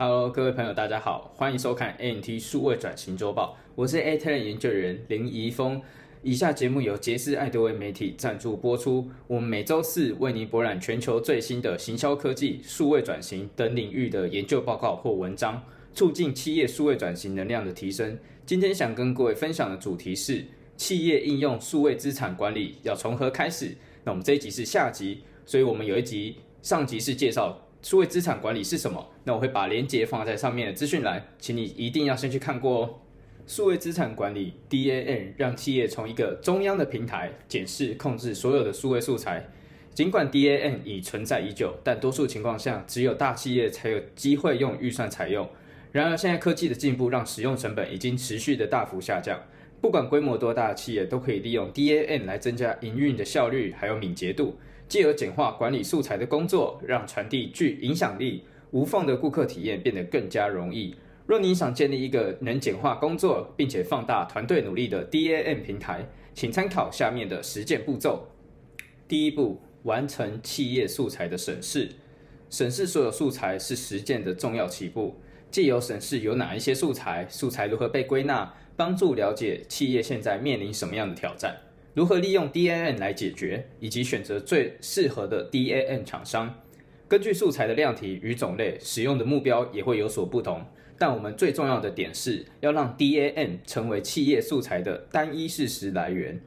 Hello，各位朋友，大家好，歡迎收看 NT 數位轉型週報。我是 AT 研究員林怡峰。以下節目由杰斯愛德威媒體贊助播出。我們每週四為您博覽全球最新的行銷科技、數位轉型等領域的研究報告或文章，促進企業數位轉型能量的提升。今天想跟各位分享的主題是企業應用數位資產管理要從何開始？那我們這一集是下集，所以我們有一集上集是介紹。數位資產管理是什麼？那我會把鏈接放在上面的資訊欄，請你一定要先去看過哦。數位資產管理 （DAM） 讓企業從一個中央的平台檢視、控制所有的數位素材。儘管 DAM 已存在已久，但多數情況下，只有大企業才有機會用預算採用。然而，現在科技的進步讓使用成本已經持續的大幅下降，不管規模多大的企業都可以利用 DAM 來增加營運的效率還有敏捷度。繼而簡化管理素材的工作，讓傳遞具影響力、無縫的顧客體驗變得更加容易。若你想建立一個能簡化工作並且放大團隊努力的 DAM 平台，請參考下面的實踐步驟。第一步，完成企業素材的審視。審視所有素材是實踐的重要起步，藉由審視有哪一些素材，素材如何被歸納，幫助了解企業現在面臨什麼樣的挑戰。如何利用 DAM 來解決，以及選擇最適合的 DAM 廠商。根據素材的量體與種類，使用的目標也會有所不同。但我們最重要的點是要讓 DAM 成為企業素材的單一事實來源。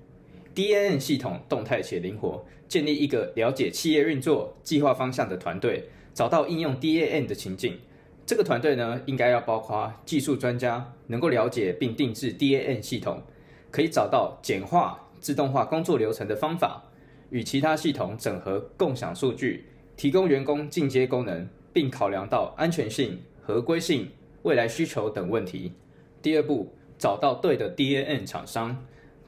DAM 系統動態且靈活，建立一個了解企業運作、計劃方向的團隊，找到應用 DAM 的情境。這個團隊呢，應該要包括技術專家，能夠了解並定制 DAM 系統，可以找到簡化。自動化工作流程的方法，與其他系統整合、共享數據、提供員工進階功能，並考量到安全性、合規性、未來需求等問題。第二步，找到對的 DAM 廠商。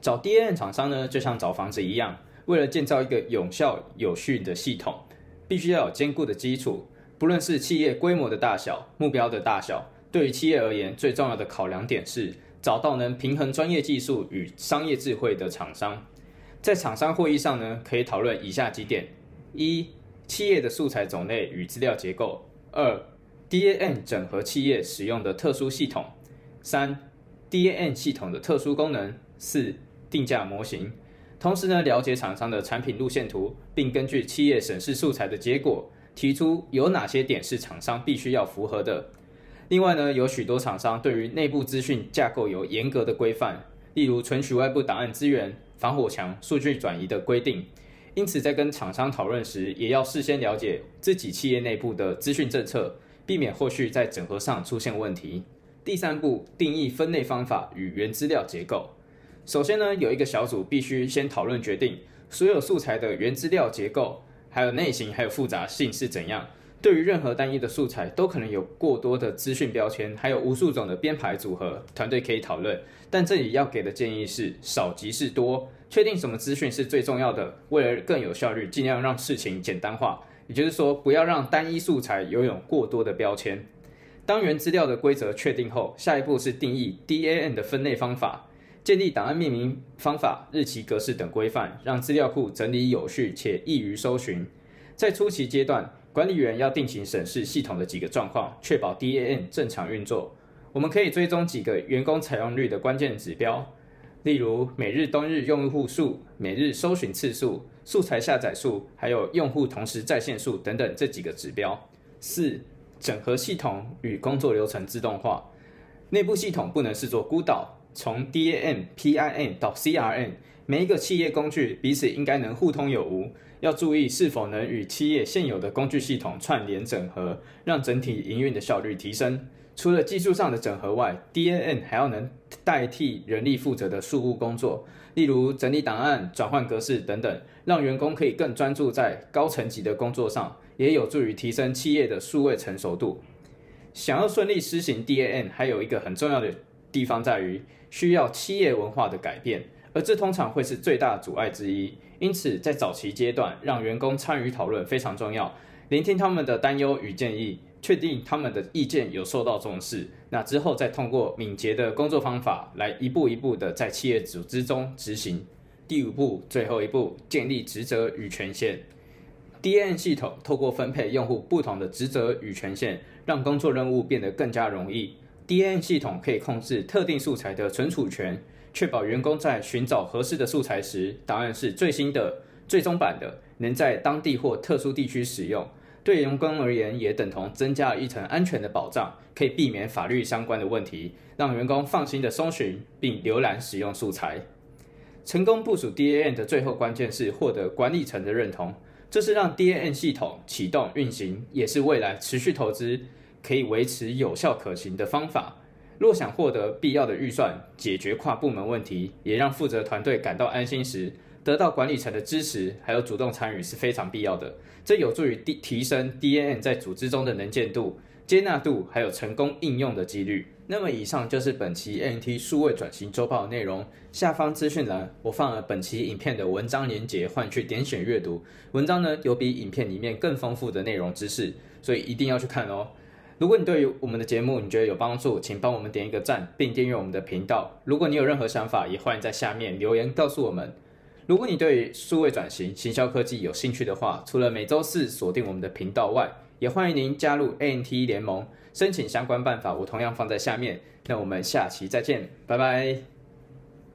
找 DAM 廠商呢，就像找房子一樣，為了建造一個有效有序的系統，必須要有堅固的基礎。不論是企業規模的大小、目標的大小，對於企業而言，最重要的考量點是，找到能平衡專業技術與商業智慧的廠商，在廠商會議上呢，可以討論以下幾點：一、企業的素材種類與資料結構；二、DAM 整合企業使用的特殊系統；三、DAM 系統的特殊功能；四、定價模型。同時呢，了解廠商的產品路線圖，並根據企業審視素材的結果，提出有哪些點是廠商必須要符合的。另外呢，有許多廠商對於內部資訊架構有嚴格的規範，例如存取外部檔案資源、防火牆、數據轉移的規定。因此，在跟廠商討論時，也要事先了解自己企業內部的資訊政策，避免後續在整合上出現問題。第三步，定義分類方法與原資料結構。首先呢，有一個小組必須先討論決定所有素材的原資料結構，還有類型，還有複雜性是怎樣。對於任何單一的素材，都可能有過多的資訊標籤，還有無數種的編排組合，團隊可以討論。但這裡要給的建議是：少即是多，確定什麼資訊是最重要的。為了更有效率，儘量讓事情簡單化，也就是說，不要讓單一素材擁有，有過多的標籤。當元資料的規則確定後，下一步是定義 DAM 的分類方法，建立檔案命名方法、日期格式等規範，讓資料庫整理有序且易於搜尋。在初期階段，管理員要定期審視系統的幾個狀況，確保 DAM 正常運作。我們可以追蹤幾個員工採用率的關鍵指標，例如每日登錄用戶數、每日搜尋次數、素材下載數，還有用戶同時在線數等等這幾個指標。四、整合系統與工作流程自動化，內部系統不能視作孤島，從 DAM PIN 到 CRM。每一個企業工具彼此應該能互通有無，要注意是否能與企業現有的工具系統串聯整合，讓整體營運的效率提升。除了技術上的整合外，DAM 還要能代替人力負責的庶務工作，例如整理檔案、轉換格式等等，讓員工可以更專注在高層級的工作上，也有助於提升企業的數位成熟度。想要順利施行 DAM，還有一個很重要的地方在於需要企業文化的改變。而這通常會是最大阻礙之一，因此在早期階段讓員工參與討論非常重要，聆聽他們的擔憂與建議，確定他們的意見有受到重視。那之後再通過敏捷的工作方法來一步一步的在企業組織中執行。第五步，最後一步，建立職責與權限。DAM 系統透過分配用戶不同的職責與權限，讓工作任務變得更加容易。DAM 系統可以控制特定素材的存儲權。確保員工在尋找合適的素材時，答案是最新的、最終版的，能在當地或特殊地區使用。對員工而言，也等同增加了一層安全的保障，可以避免法律相關的問題，讓員工放心的搜尋並瀏覽使用素材。成功部署 DAM 的最後關鍵是獲得管理層的認同，這、就是讓 DAM 系統啟動運行，也是未來持續投資可以維持有效可行的方法。若想獲得必要的預算，解決跨部門問題，也讓負責團隊感到安心時，得到管理層的支持，還有主動參與是非常必要的。這有助於提提升 DAM 在組織中的能見度、接納度，還有成功應用的幾率。那麼，以上就是本期 MNT 數位轉型周報的內容。下方資訊欄我放了本期影片的文章連結，換去點選閱讀。文章呢，有比影片裡面更豐富的內容知識，所以一定要去看哦。如果你對於我們的節目你覺得有幫助，請幫我們點一個讚，並訂閱我們的頻道。如果你有任何想法，也歡迎在下面留言告訴我們。如果你對於數位轉型、行銷科技有興趣的話，除了每週四鎖定我們的頻道外，也歡迎您加入 ANT 聯盟，申請相關辦法，我同樣放在下面。那我們下期再見，拜拜。